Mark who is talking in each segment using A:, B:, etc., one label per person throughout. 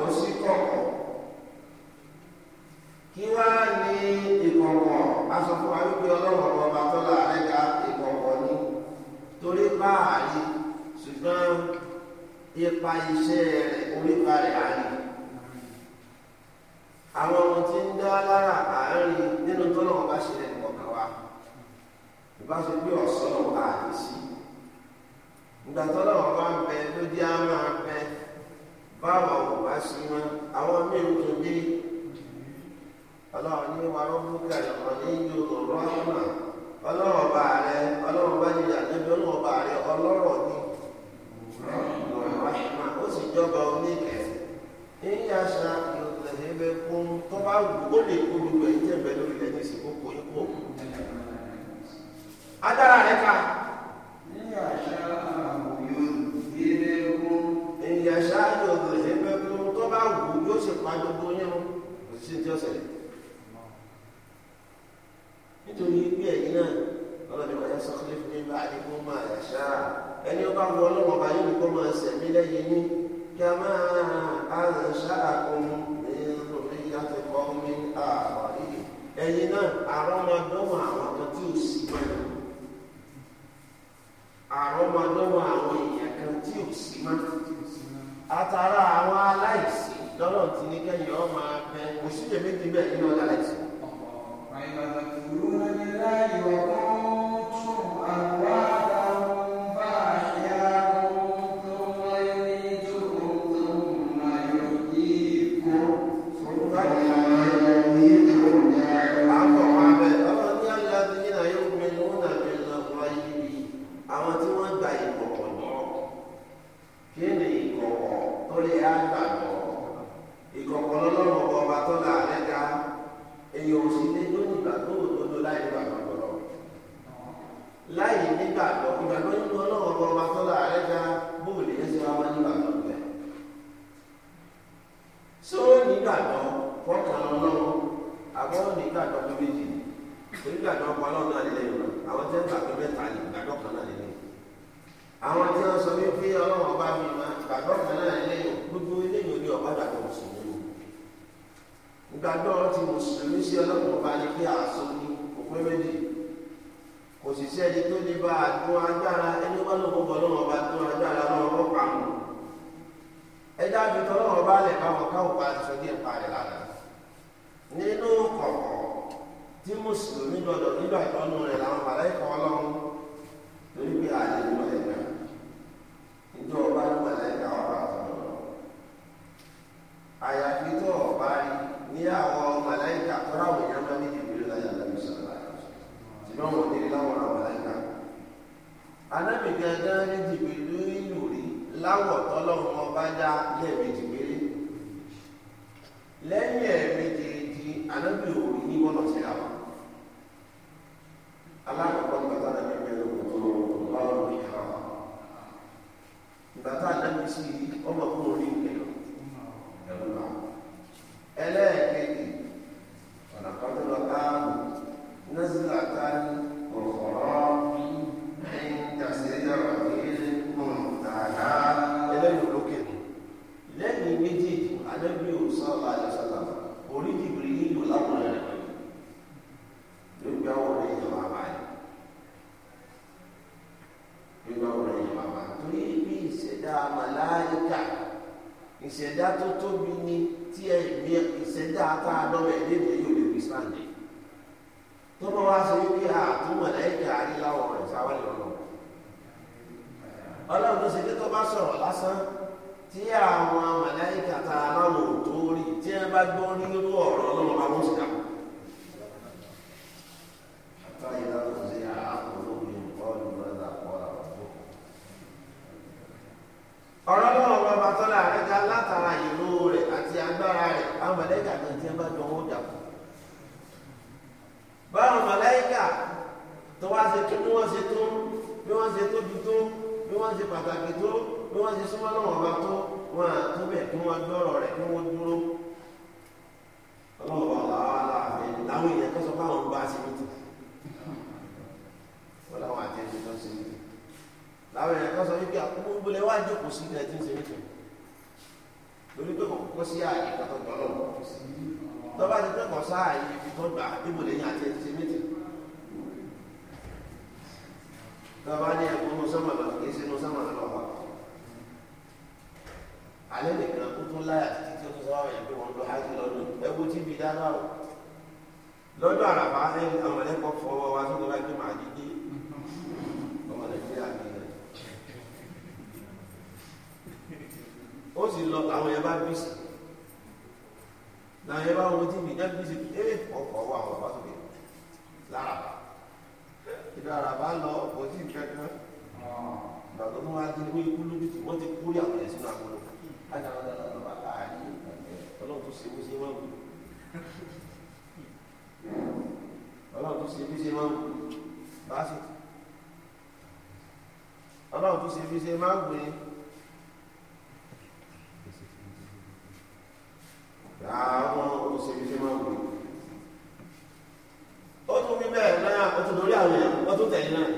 A: kó sí kọ̀kọ̀ kí wá ní ìkọ̀kọ̀ aṣọ fún wa wípé ọlọ́run ọba tó láàárẹ̀ ga ìkọ̀kọ̀ ní torí báàrí ṣùgbọ́n ipa iṣẹ́ rẹ̀ orípa rẹ̀ àárín àwọn ọmọ tí ń dá lára àárín nínú tọ́lọ́wọ́ bá ṣe lẹ́nu ọ̀kan wa ìbá ṣe pé ń bẹ ló jẹ́ báwa ò bá sí wọn àwọn míì tó dé ọlọ́run ní wa rọ́bù kẹlẹ̀ kan ní ìlú ọ̀rọ̀ ọ̀nà ọlọ́run ọba rẹ ọlọ́run bá yẹ àdébí ọlọ́run ọba rẹ ọlọ́rọ̀ ní ó sì jọba oníkẹ́ ní àṣà ìlẹ̀hẹ́bẹ̀ fún tó bá wù ó lè kó ẹ̀ jẹ́bẹ̀ lórí ilẹ̀ ní ìsìnkú kò ní kó. adára rẹ ká. ní àṣà àwọn yòó ní ilé ẹ̀kọ́. ní àṣà yòó sì pa gbogbo yẹn o kò sí ti ọ̀sẹ̀ yìí nítorí bí ẹ̀yin náà ọlọ́ni wọ́n yẹ sọ́kúlẹ̀ fún mi bá àdínkù máa yà ṣá ẹni ọba wọ ọlọ́wọ́ bá yóò kó máa sẹ̀mí lẹ́yìn ní kí a máa àrùnṣá àkùn ní lórí yàtọ̀ kọ́ mi àwọ̀ yìí ẹ̀yin náà àrọ́mọdọ́mọ àwọn kan tí ò sí mọ́ àrọ́mọdọ́mọ àwọn èèyàn kan tí ò sí mọ́ àtàrà àwọn aláìsí lọ́rọ̀ tí ní kẹ́yìn ọ máa bẹ kò síyèméjì bẹ́ẹ̀ nínú ọ̀la ẹ̀sìn. ọ̀pọ̀ àyìnbá tó ń lù ú ní láàyè ọ̀pọ̀. akẹ́rù ní ìgbàgbọ́ pé méjì torí ìgbàgbọ́ ọkọ̀ ọlọ́run náà lélẹ̀ yorùbá àwọn tí wọ́n gbà mẹ́ta ní ìgbàgbọ́ kan náà lélẹ̀ àwọn tí wọ́n sọ wípé ọlọ́run ọba mi máa ìgbàgbọ́ kan náà lélẹ̀ yòó gbogbo eléyìí ni ọba gbàgbọ́ mùsùlùmí ìgbàgbọ́ ti mùsùlùmí sí ọlọ́run ọba ni pé àṣọ ni méjì kò sì tó lè bá agbára ẹni nínú kọ̀kọ̀ tí mùsùlùmí gbọdọ̀ nígbà ìtọ́nu rẹ̀ làwọn màláìkọ̀ ọlọ́run torí pé àyè ìmọ̀ ẹ̀gbà ìjọ ọba ní màláìkà ọba àtọ̀dọ̀ àyàfi tó ọba rí ní àwọn màláìkà tọ́ra àwọn èèyàn máa ní ìbílẹ̀ láyé àlàyé sọ̀rọ̀ àyè ṣùgbọ́n wọn nílé láwọn àwọn màláìkà anábì gẹ́gẹ́ ní jìbìlú ìlú rí láwọ̀ tọ́lọ́run pé anábì òòrùn ní wọ́n lọ sí àwọn alákọ̀ọ́kọ́ nígbà tá ànábì bẹ̀rẹ̀ òòrùn tó báwọn lórí àwọn nígbà tá ànábì sí ọmọkùnrin ẹ̀rọ ẹ̀rọ kò sí ilẹ̀ tí ń ṣe nìkan lórí pé òun kó sí ààyè kan tó gbọ́ lọ́wọ́ tọ́ba ti kẹ́kọ̀ọ́ sáàyè ibi tó gbà níbo lẹ́yìn àti ẹ̀ ti ṣe méjì tọ́ba ní ẹ̀kọ́ ní sọ́mọ̀ lọ kì í ṣe ní sọ́mọ̀ lọ wà alẹ́ nìkan kó tún láyà títí tí ó tún sọ́wọ́ yẹn pé wọ́n lọ hajj lọ́dún ẹ̀kọ́ tí ibi dáná o lọ́dún àràbà ẹ̀ làwọn yẹn bá bí sí làwọn yẹn bá wọn tí mi dẹ́bi sí ẹ ọkọ̀ wà wọn bá tó dé lára ìdára bá lọ kò tí kankan ìgbà tó wọn á di wọn ikú lójú tí wọn ti kú rí àwọn ẹ̀sìn náà kúrò ájàdàdàdà lọ bá ká àyè ọlọ́run tó ṣe bó ṣe máa ń wù ọlọ́run tó ṣe bó ṣe máa bá sì ọlọ́run tó ṣe bó máa ń wù àwọn òṣèlú ṣe máa wù ó tún wí bẹ́ẹ̀ náà ó tún lórí àwọn èèyàn ó tún tẹ̀lé náà.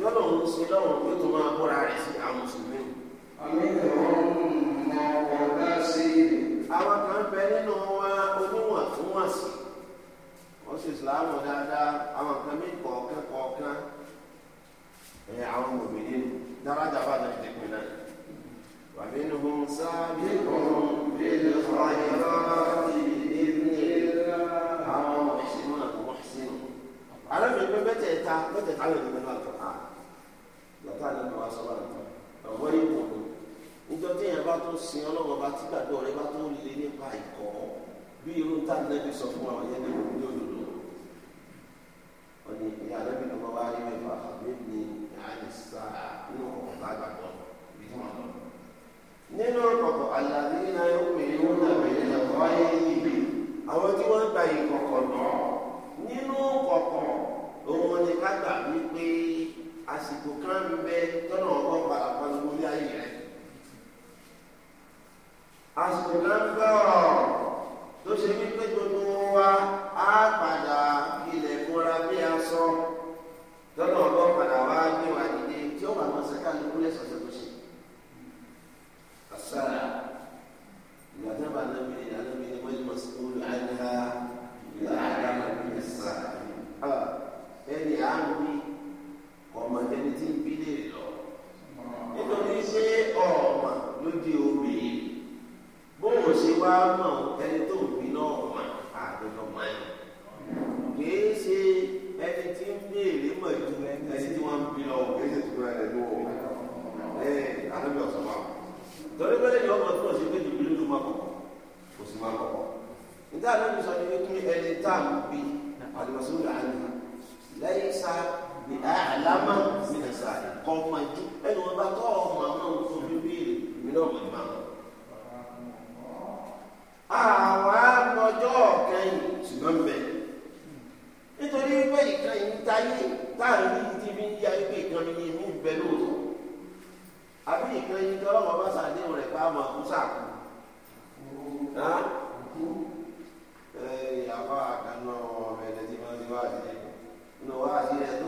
A: yọ́nà òun ṣe lọ́wọ́ yóò tó máa bọ́ra rẹ̀ sí àwọn mùsùlùmí. àwọn kan bẹ nínú wa oníwọ̀ntúnwọ̀nsì wọ́n sì sàlámù dáadáa àwọn kan mí kọ̀ọ̀kan kọ̀ọ̀kan ẹ̀ àwọn mòmìnir dáradà bá dàbí dẹ́kun náà. wàmí nìhun sáà bí bí lè fọ́ àyè náà. mẹ́tẹ̀ẹ̀ta mẹ́tẹ̀ẹ̀ta yóò الله mẹ́nu àtọ̀ ká lọ́tà ní bàbá sọ́wọ́ àtọ̀ ọ̀wọ́ yìí mọ̀ ọ́ níjọ́ tí èèyàn bá tó sin ọlọ́wọ́ bá tí gbàgbọ́ rẹ bá tó lé nípa ìkọ́ bí irú ta nẹ́bí sọ fún àwọn yẹn ní òdodo ó ní ìyá nẹ́bí lọ́wọ́ wá rí mẹ́fà mẹ́ni àyẹ̀sà nínú ọ̀pọ̀ bá gbàgbọ́ ibi tí wọ́n lọ. nínú ọ̀pọ̀ àlàyé náà yóò pè é wọ́n náà bẹ̀rẹ̀ lọ́wọ́ ayé ibi àwọn tí wọ́n gba ìkọ̀kọ̀ náà nínú ọ̀pọ̀ òun ni ká gbà wípé àsìkò kan ń bẹ tọ́nà ọgbọ́n pàápàá ní orí ayé rẹ̀ àsìkò kan ń bẹ ọ̀rọ̀ tó ṣe wípé gbogbo wa á padà ilẹ̀ fúnra bí a sọ. So.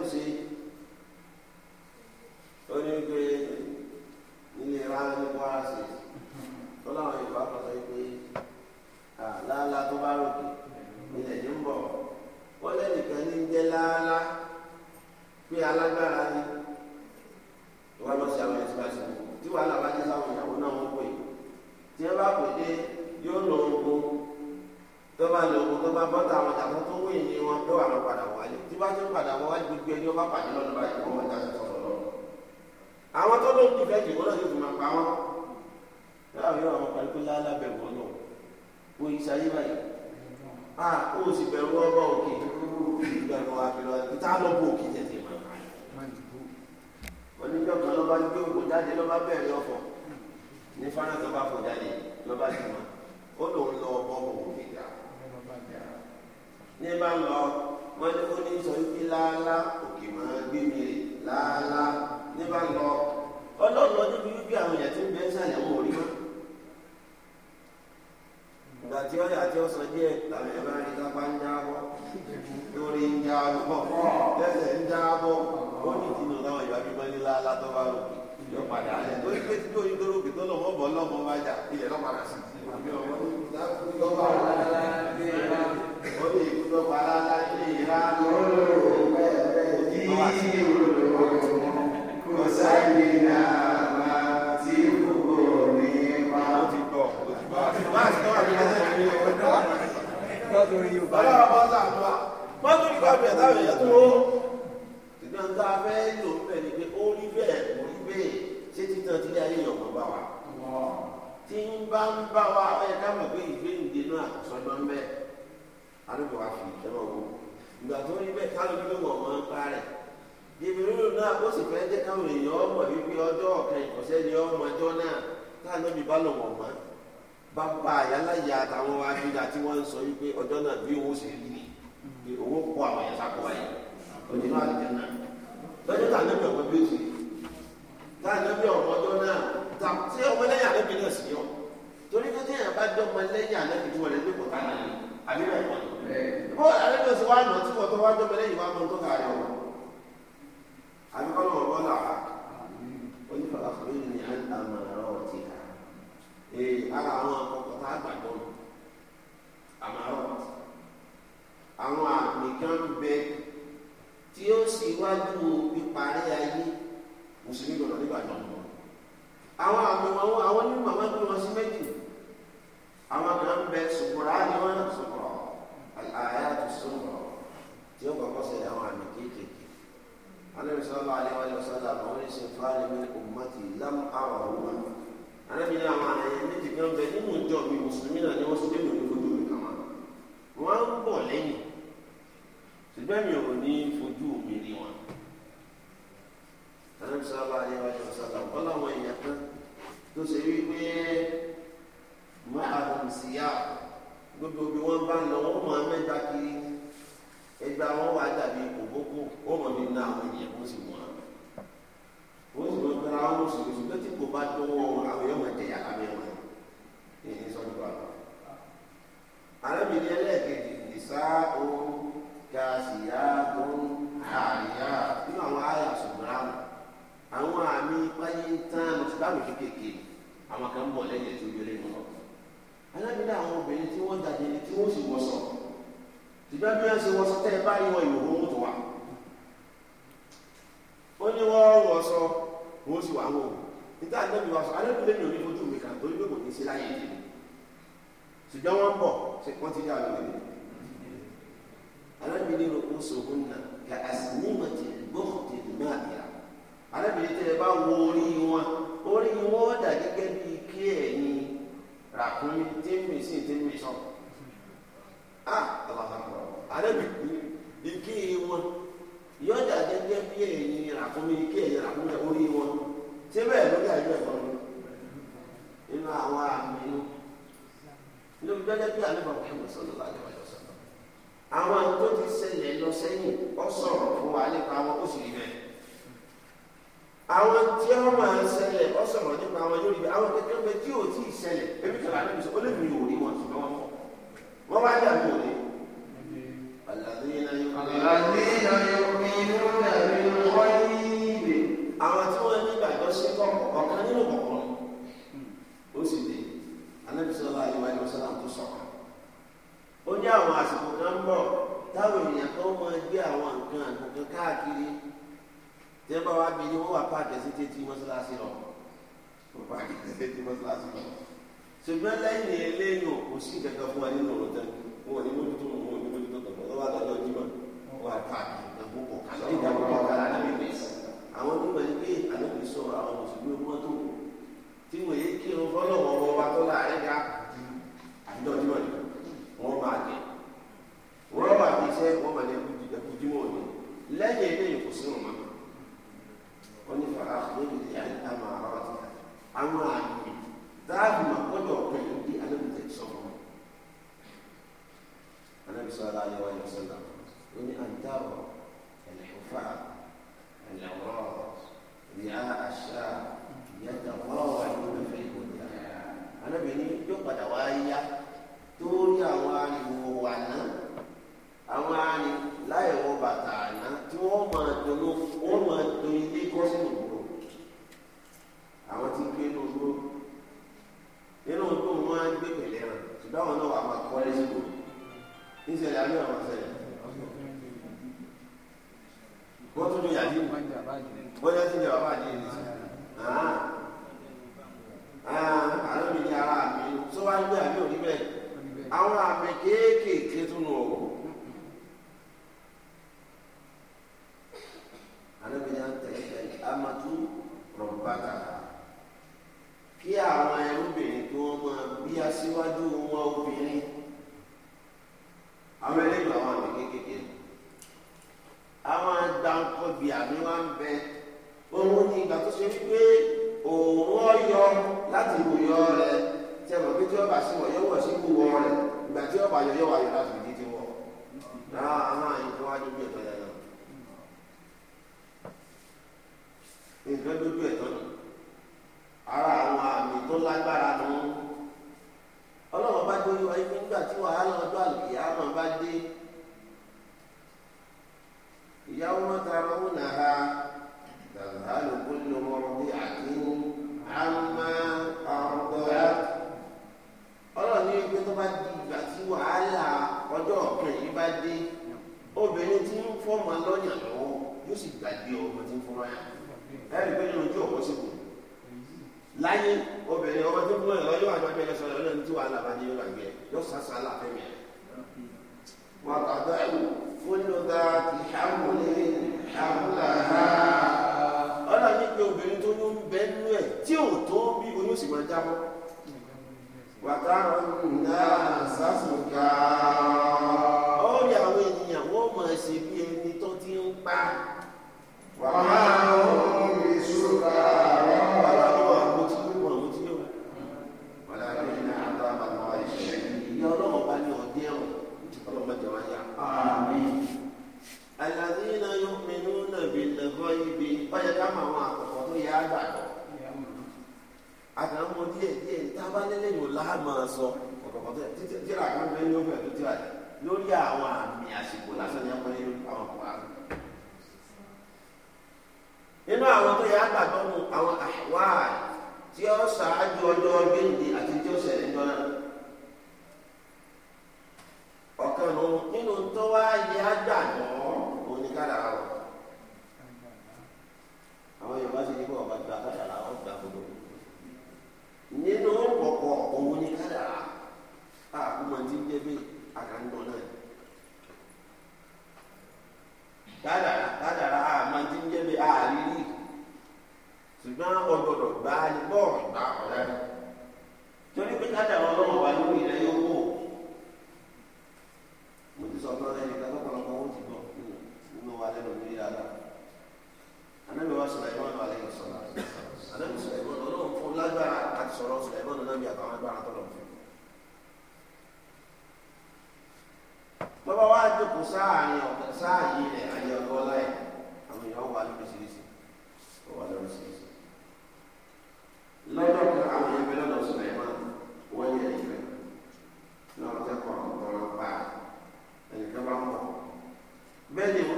A: see yọ padà ayẹ torí pé tí lóyún lórí òkè tó lọ wọn bọ lọmọ wa jà ilẹ̀ lọ́padà sí i ọmọ ní ìdókòwò alára ní ìlà ó ní ìdókòwò alára ní ìlà òjì kò sáyé náà máa ti kúkú ní ipa. ó ti gbọ́ ó ti bá a ti bá a ti tọ́wọ́ àti ẹsẹ̀ mi ò dá. ọlọ́run bá sàánú wa wọ́n tún ní ká bẹ̀rẹ̀ táwọn èèyàn tó. ṣùgbọ́n tá a fẹ́ lò ń bẹ̀ ni pé ó rí bẹ́ẹ̀ nítorí tí ilé ayé yọ̀ bá wa tí ń bá ń bá wa ẹ ká mọ̀ pé ìgbéǹde náà àkọsọ́dọ́ ń bẹ́ẹ̀ alóbi wa fi ìjọba wo ìgbà tó rí bẹ́ẹ̀ kálóbi ló wọ̀ wọ́n pa rẹ̀ ìbìrì ló náà ó sì fẹ́ jẹ́ káwọn èèyàn ọmọ wípé ọjọ́ ọ̀kan ìkọ̀sẹ́ ni ọmọ ọjọ́ náà táàlóbi bá lọ̀ wọ̀n mọ́ bàbá àyáláyà àtàwọn wa tí wọ́n ń sọ wípé ọjọ́ náà bí owó sì rí ni owó kọ àwọn yàtọ̀ àkọ́wáyé òdìbò àlejò náà lọ́jọ́ tà lóbi ọ̀pọ̀ bí táà lọ́bí ọ̀rọ̀ ọjọ́ náà tà tí ọmọ lẹ́yìn àlẹ́bí náà sì yọ torí pé téèyàn bá dé ọmọ lẹ́yìn àlẹ́bí tí wọ́n lè gbé pọ̀ ni àbí bẹ́ẹ̀ kọ́ ni. bó àlẹ́ lọ sí wàá nà tí wọ́n tó wá dọ́mọ lẹ́yìn wàá mọ tó kà yọ àwọn obìnrin tí wọ́n jáde ní tí wọ́n sì wọ́sọ ṣùgbọ́n bí wọ́n ṣe wọ́sọ tẹ́ ẹ bá yọ ìhòòhò wọn tó wà ó ní wọ́n wọ́sọ wọ́n sì wà wọ́n o níta àdébí wa sọ àdébí lẹ́yìn òní fojú mi kà torí pé kò ní í ṣe láyé ìdílé ṣùgbọ́n wọ́n bọ̀ ṣe wọ́n ti dá àwọn ìdílé àdébí ní oṣooṣun náà kà á sì ní ìmọ̀tì gbọ́kùtì ràkúnmí tí ń mì sí tí ń mì sọ a ọlọ́kàkọ̀ àdébìkú ike wọn yọjà gẹ́gẹ́ bí ẹ̀yìn ràkúnmí ike ẹ̀yìn ràkúnmí orí wọn ṣé bẹ́ẹ̀ ló dé àjọ ẹ̀kọ́ ni nínú àwọn àmì inú ló ń gbẹ́gẹ́ bí alẹ́ bàbá ẹ̀mọ sọ̀rọ̀ láti wájú sọ̀rọ̀ àwọn tó ti ṣẹlẹ̀ lọ sẹ́yìn ọ sọ̀rọ̀ fún wa nípa wọn ó sì rí bẹ́ẹ̀ àwọn tí wọn máa ṣẹlẹ̀ ọ sọ̀rọ̀ nípa àwọn yóò rí bẹ àwọn kẹ̀kẹ́ bẹ tí ò tí ì ṣẹlẹ̀ ebi sọ̀rọ̀ àti bisọ olè mi ò rí wọn ṣùgbọ́n wọn mọ wọn wá dàbí òní. àlàyé náà yóò. àlàyé náà yóò. mi ni wọ́n wà páàkì ẹsẹ̀ tẹ́tí mọ́ṣáláṣí lọ wọ́n páàkì ẹsẹ̀ tẹ́tí mọ́ṣáláṣí lọ. ṣùgbọ́n lẹ́yìn eléyìí kò sí ìkẹ́kọ̀ọ́ fún wa nínú òrùn tán wọn ò ní mójútó wọn ò ní mójútó tọ̀tọ̀ lọ́wọ́ àtọ́jọ́ jímọ̀ wọn wà páàkì àtàná tí wọ́n máa dùn wọ́n máa dùn ilé kọ́sìnì gbòòrò àwọn tí ń gbé inú gbòòrò nínú tó ń máa gbé pẹ̀lẹ́ rẹ̀ ṣùgbọ́n àwọn náà wà máa kọ́ lẹ́sìn gbòòrò níṣẹ̀lẹ̀ àbí àwọn ṣẹlẹ̀ wọ́n tún ní yàtí wọ́n yàtí ní bàbá àdé ní sí àlọ́ mi ní ara mi sọ́wájú àmì òní bẹ́ẹ̀ àwọn àmì kéékèèké tún nù ọ́. àwọn ẹrúbìnrin kí wọ́n máa bí aṣíwájú wọn obìnrin àwọn ẹlẹ́gbẹ̀ẹ́ àwọn àmì kékeré àwọn agbáǹkọ̀bì àmì wa ń bẹ òun ní ìgbà tó ṣe wípé òun ọyọ láti ìwòyọ rẹ tí ẹ mọ̀ pé tí wọ́n bá sí wọ̀nyọ́ wọ̀ sí ìwò wọn rẹ ìgbà tí wọ́n bá yọ yọ̀wọ̀ ayọ̀ láti ìdí ti wọ̀ náà àwọn àyè tó wá dúdú ẹ̀tọ́ yẹn náà nǹkan dúdú ẹ̀tọ́ náà ara àwọn àmì tó lágbára nù ọlọ́run bá dé wáyé nígbà tí wàhálà ọjọ́ àlùkìyà máa bá dé ìyàwó mọ́ta ọ̀hún nàá tàbí kúlù mọ́rọ́bí àti àmà ọ̀gọ́yà ọlọ́run ní ibi tó bá di ìgbà tí wàhálà ọjọ́ ọ̀kan yìí bá dé obìnrin tí ń fọ́ọ̀mù alọ́yàn lọ́wọ́ yóò sì gbàgbé ọmọ tí ń fọ́ọ̀mù alọ́yàn ẹ̀rí pé nínú ojú ọ̀pọ̀ sí kù láyé obìnrin ọmọ tó kúmọ̀ ẹ̀rọ yóò àjọ abẹ́rẹ́ sọ̀rọ̀ ọlọ́run tí wàhálà bá ní yóò làgbẹ́ yóò sàṣà láàfin mi. wọn kàdá ẹ̀wù fúnlọ́dà ti hàmúlẹ̀ hàmúlàhà. ọ̀nà mi pé obìnrin tó yún bẹ́ẹ̀ nú ẹ̀ tí ò tó bí oyún sì máa jábọ́. wàtàrọ̀ nà sàfùkà. ó rí àwọn ènìyàn wọ́n mọ̀ ṣe bí ẹni tó ti ń pa. wàhálà. jẹ́ àgbàgbọ́ àgbàmọ díẹ̀ díẹ̀ tábàlẹ́lẹ́ yóò láàmà sọ ọ̀pọ̀pọ̀ tó yẹ títí tíra kan bẹ́ẹ̀ ní ó bẹ̀rẹ̀ tó tíra yìí lórí àwọn àmì àsìkò lásán ní akọ́lẹ́ lórí.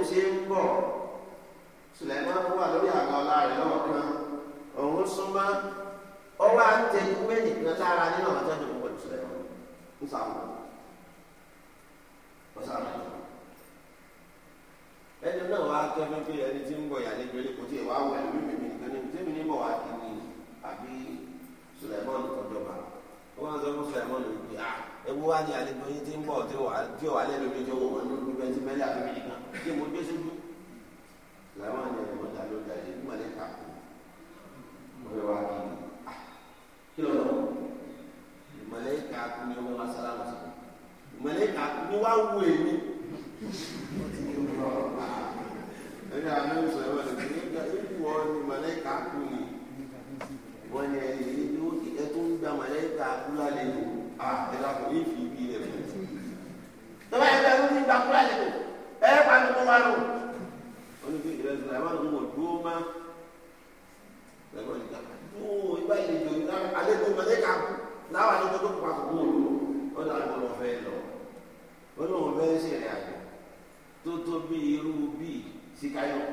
A: bó ṣe ń bọ̀ Sùlẹ̀mánù wà lórí àga ọlá rẹ̀ lọ́wọ́ kan òun súnmọ́ ọwọ́ à ń tẹnu mẹ́rin kan lára nínú àwọn tó ń dùn pẹ̀lú Sùlẹ̀mánù ń sàmù ó sàmù ẹni náà wàá tẹ́ fún pé ẹni tí ń bọ̀ yà ní gbèríko tí ì wá wẹ̀ lórí mímì nìkan ní tẹ́mi ní bọ̀ wá kí ni àbí Sùlẹ̀mánù tó jọba wọ́n sọ fún Sulaimon lórí pé ewu wa ni àlejò yín ti ń bọ̀ tí ò wà lẹ́nu méjì owó wọn lórí bẹ́ẹ̀ tí mẹ́lẹ́ àbí méjì kan tí mo gbé sójú. Sulaimon ni ẹ̀rọ mọ́ta ló jáde ní mọ̀lẹ́ kàkó wọ́n wá kí ni kí ló lọ mọ̀lẹ́ kàkó ni wọ́n wá sálámù sí mọ̀lẹ́ kàkó ni wọ́n wú èmi. ẹ̀rọ àmì sọ̀rọ̀ ẹ̀ wọ́n ni mọ̀lẹ́ kàkó ni wọ́n ní ẹni yìí tó ẹ tó ń gba màlẹ́kà kúlá lẹ́nu à ẹ dàpọ̀ ní ìfi ibi rẹ̀ fún un. tọ́ba yẹn bẹ́ẹ̀ ló ti gba kúlá lẹ́nu ẹ pa mi kó wá lò. wọ́n ní kí ìrẹsì náà wọ́n mọ̀ dúró má. lẹ́gbọ́n ní kàkà tó ibà yìí lè jòyè náà alẹ́ tó màlẹ́kà kú láwọn àlejò tó kó àkókò òru wọ́n dàgbà tó fẹ́ lọ. wọ́n ní wọ́n fẹ́ ṣèrìn àjò tó tó bí irú bíi síkáyọ̀.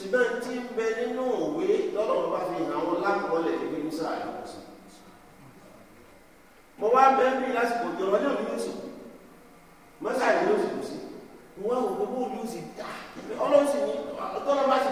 A: ṣùgbọ́n tí ń bẹ nínú òwe lọ́dọ̀ bá fi hàn wọn lákọọ́lẹ̀ ní musa àyọkọsí mo wá bẹ́ẹ̀ bí lásìkò tó ọjọ́ mi yóò sì kú mọ́sá ìlú yóò sì kú sí mo wá wò gbogbo olùsì dá ọlọ́sìn ni ọtọ́lọ́ bá sì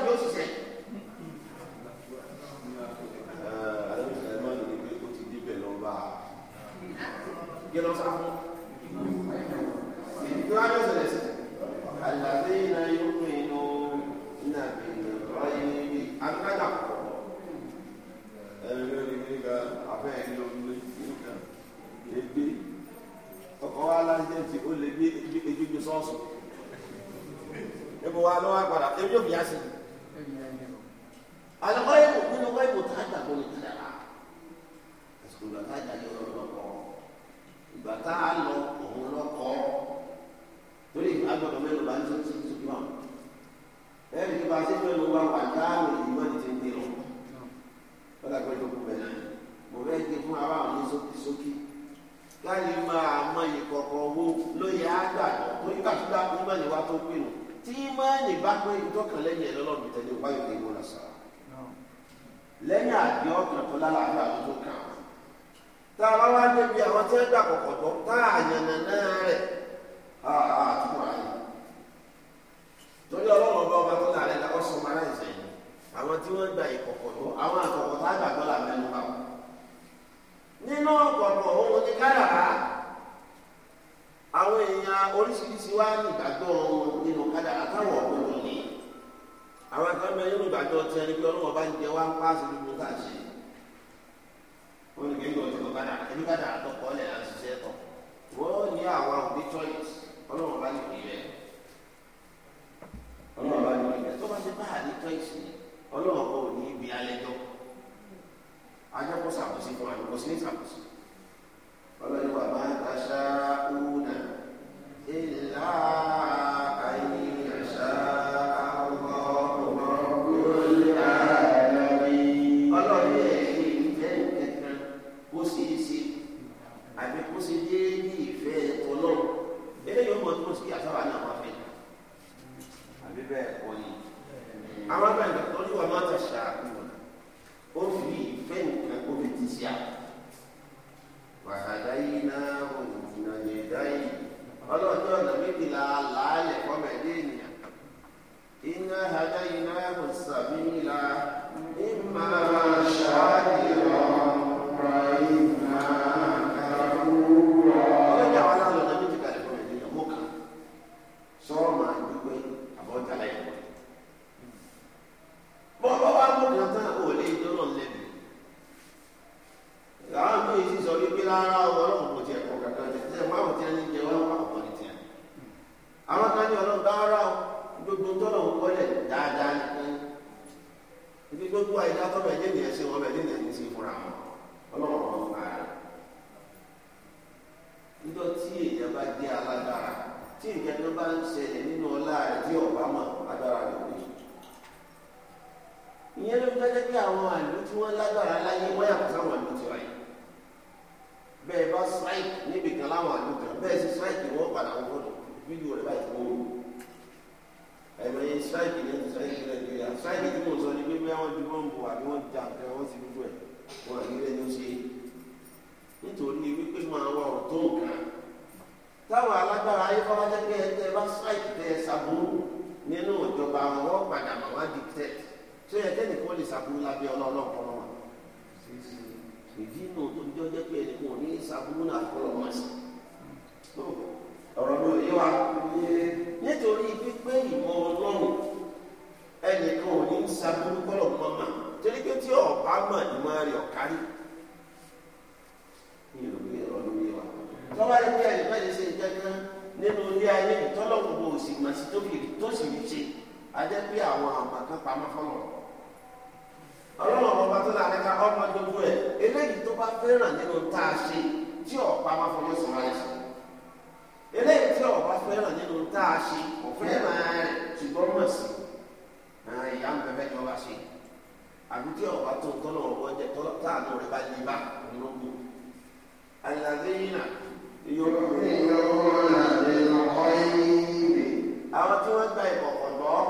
A: lẹ́yìn ẹ̀ lọ́lọ́run mi tẹ̀lé wáyé ní ìwọ lọ́sà lẹ́yìn àbí ọkàn tó lálàáfíà tó tó kàn tá a bá wá débi àwọn tí wọ́n gbà kọ̀kọ̀ tó tá a yànnà náà rẹ̀ á á tún àyè torí ọlọ́run ọba ọba tó lálẹ́ lọ́kọ́ sọ mara ìsẹ̀yìn àwọn tí wọ́n gba ìkọ̀kọ̀ tó àwọn àkọ́kọ́ tá a gbàgbọ́ làmẹ́nu bá wọn nínú ọ̀pọ̀lọpọ̀ òun ni kádàrá àwọn èèyàn oríṣiríṣi wá ní ìgbàgbọ́ nínú kádàrá táwọn ọ̀pọ̀ àwọn kan bẹ yóò gbàjọ tiẹ̀ ní pé ọlọ́wọ́ bá ń jẹ wá ń pàṣẹ gbogbo ká ṣe wọn ní kéwì ọtí lọ bàdà ẹni bàdà àtọkọ ọlẹ à ń ṣiṣẹ́ tọ wọn ní àwa òbí choice ọlọ́wọ́ bá ní ìrẹ ọlọ́wọ́ bá ní ìrẹ tó bá ti bá àní choice ni ọlọ́wọ́ kọ òní ibi alẹ́ jọ ajọkọ ṣàkóso fún àjọkọ sí ní ṣàkóso ọlọ́wọ́ bá ń ta ṣáá ìlà. káwa náà wá fi àbí bẹ́ẹ̀ kọ́ ni. bí wọ́n di wọ́n bò àbí wọ́n ja nǹkan wọ́n ti dúdú ẹ̀ wọ́n ní ilé ló ṣe nítorí wípé wọn àwọn ọ̀rọ̀ tó nǹkan táwọn alágbára ayé bá wá jẹ́ pé ẹ bá sáìkì tẹ ṣàbúrú nínú ìjọba àwọn wọn padà mọ̀ wá di tẹ̀ tó yẹ kẹ́ni kó lè ṣàbúrú lábẹ́ ọlọ́ọ̀lọ́ọ̀ kọ́ lọ́wọ́ ìdí inú tó ń jọ́jẹ́ pé ẹnì kan ò ní ṣàbúrú náà kọ́ lọ́wọ́ sí ọ̀rọ̀ ló yé wa nítorí pípé ìmọ̀ ọlọ́run ẹnìkan ò ní ń saburú kọ́lọ̀ mọ́ mà torí pé tí ọ̀pá mà ní máa rí ọ̀kárí. mi ò gbé ọ̀rọ̀ mi wá. tọ́wá rí pé ẹnì bẹ́ẹ̀ ni ṣe jẹ́gán nínú ilé ayé ìtọ́lọ́wọ́ bò sì mà sí tó kiri tó sì rí ṣe ajẹ́ pé àwọn àgbà kan pamọ́ fọ́nà. ọlọ́run ọmọ bá tó la nípa ọmọ gbogbo ẹ̀ eléyìí tó bá fẹ́ràn nínú tá a ṣe tí ọ̀pá má fọwọ́ sí máa ṣe eléyìí tí ọ̀pá fẹ́ràn nínú tá a ṣe kò fẹ́ràn rẹ̀ ṣùgbọ́n mọ̀ sí i ìyá mi fẹ́fẹ́ kí wọ́n bá ṣe àbí tí ọ̀bá tó tọ́lọ̀ ọ̀bọ̀ jẹ tọ́lọ̀ táànù rẹ̀ bá yé bá ológun àyìnlàdé yìí nà yorùbá àwọn tí wọ́n gba ìkọ̀kọ̀ lọ́ọ́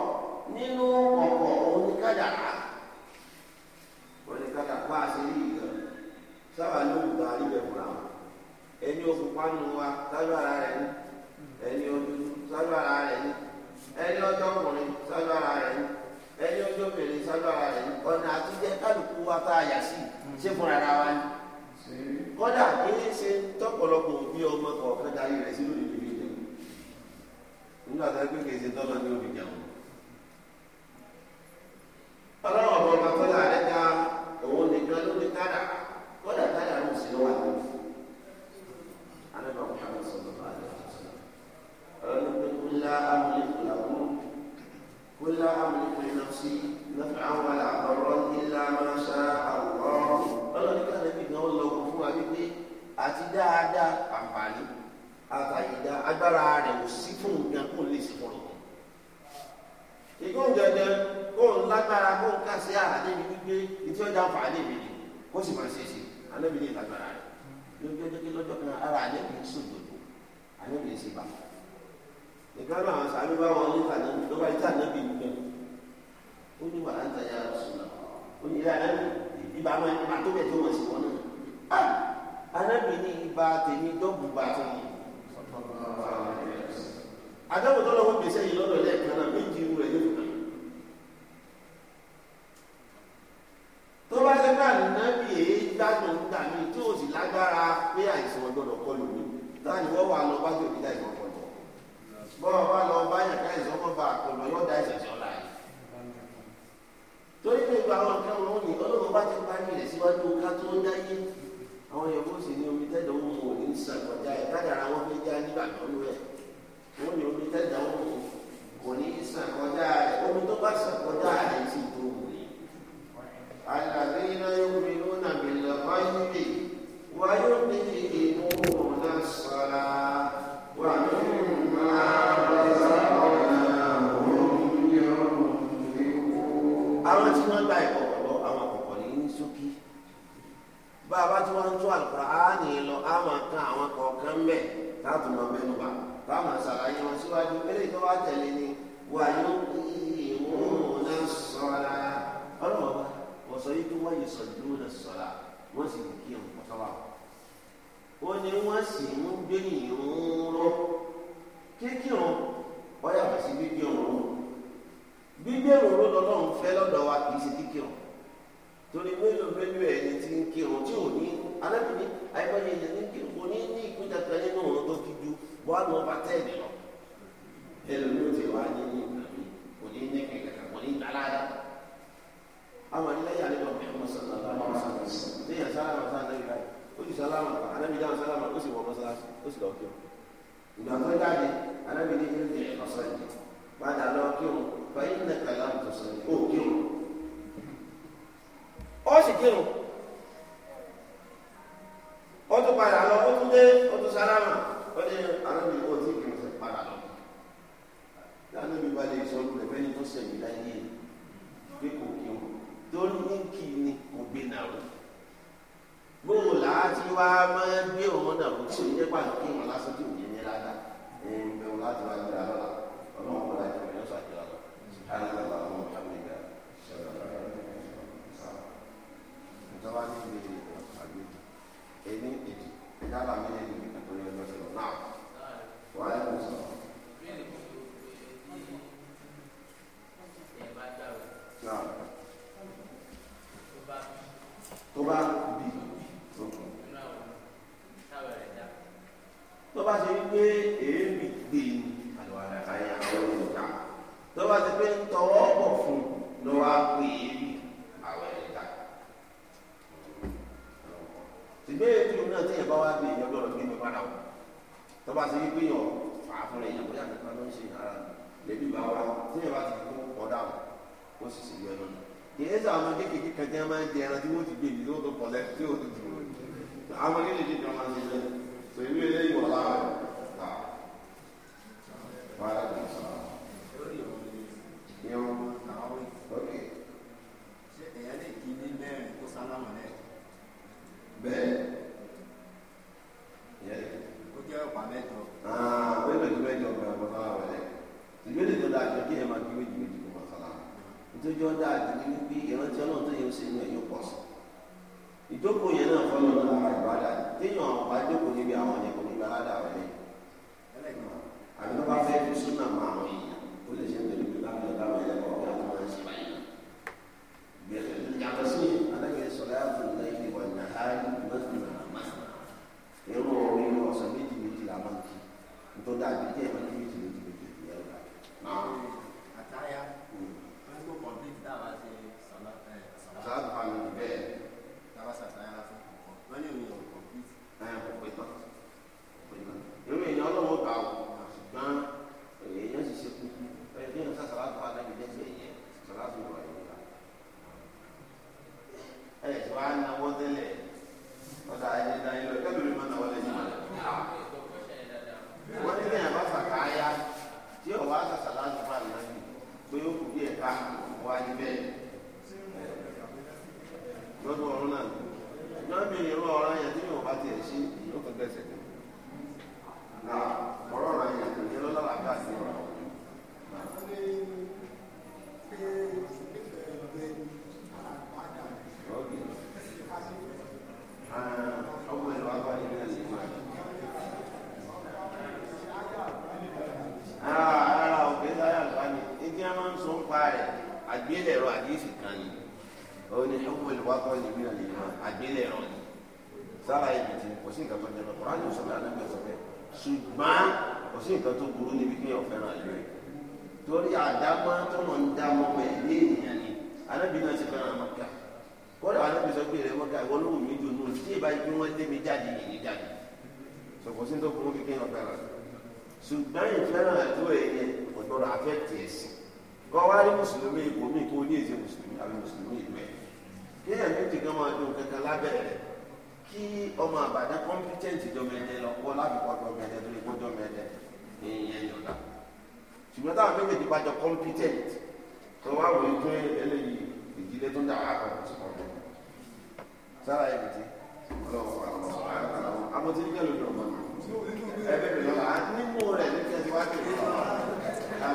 A: dáa jọ kí ẹ máa fi méjì méjì kó máa sára nítorí ó dáa jù ní wípé ìrántí ọlọ́run tó yẹn ń ṣe inú ẹ̀ yóò pọ̀ sí ìjókòó yẹn náà fọlọ́ ní àwọn ìbáda téèyàn ọ̀pá jókòó níbi àwọn yẹn kò ní gbàládà rẹ̀ lẹ́yìn àbí tó bá fẹ́ fi súnà mọ́ àwọn èèyàn ó lè ṣe pẹ̀lú pé lábẹ́ ọ̀dà àwọn ẹ̀kọ́ ọ̀gá tó máa ń ṣe báyìí gbẹ̀rẹ̀ yàtọ̀ sí alágbèrè sọ̀rọ̀ yàtọ̀ lẹ́yìn ìwà ìnáhà mọ́tò ìrún ọ̀rọ̀ ìrún ọ̀sán méjì méjì làwọn kì í tó dáa bí díẹ̀ sí tó burú kíkẹ́ yàn fẹ́ràn ṣùgbọ́n ìfẹ́ràn àdúrà ẹ̀yẹ ọ̀dọ́rọ̀ àfẹ́tì ẹ̀sìn kọ́ wá rí mùsùlùmí ipò míì kó ní èsì mùsùlùmí àbí mùsùlùmí ìlú ẹ̀ kí èèyàn méjì kan máa dùn kankan lábẹ́ rẹ̀ kí ọmọ àbàdàn competent dọ́mẹ́dẹ lọ kọ́ láfikọ́ dọ́mẹ́dẹ tó lè kó dọ́mẹ́dẹ ìyẹn yọ̀dá ṣùgbọ́n táwọn méjèèjì bá jọ competent tó wá wòye pé eléyìí ìdílé tó ń dà á kọ̀ ọ̀sọ̀kọ̀ sára ẹ̀ bìtì ọlọ́wọ́ àwọn àmọ́tí nígbà lójú ọmọ náà. e eh, per non ha un muore perché qualche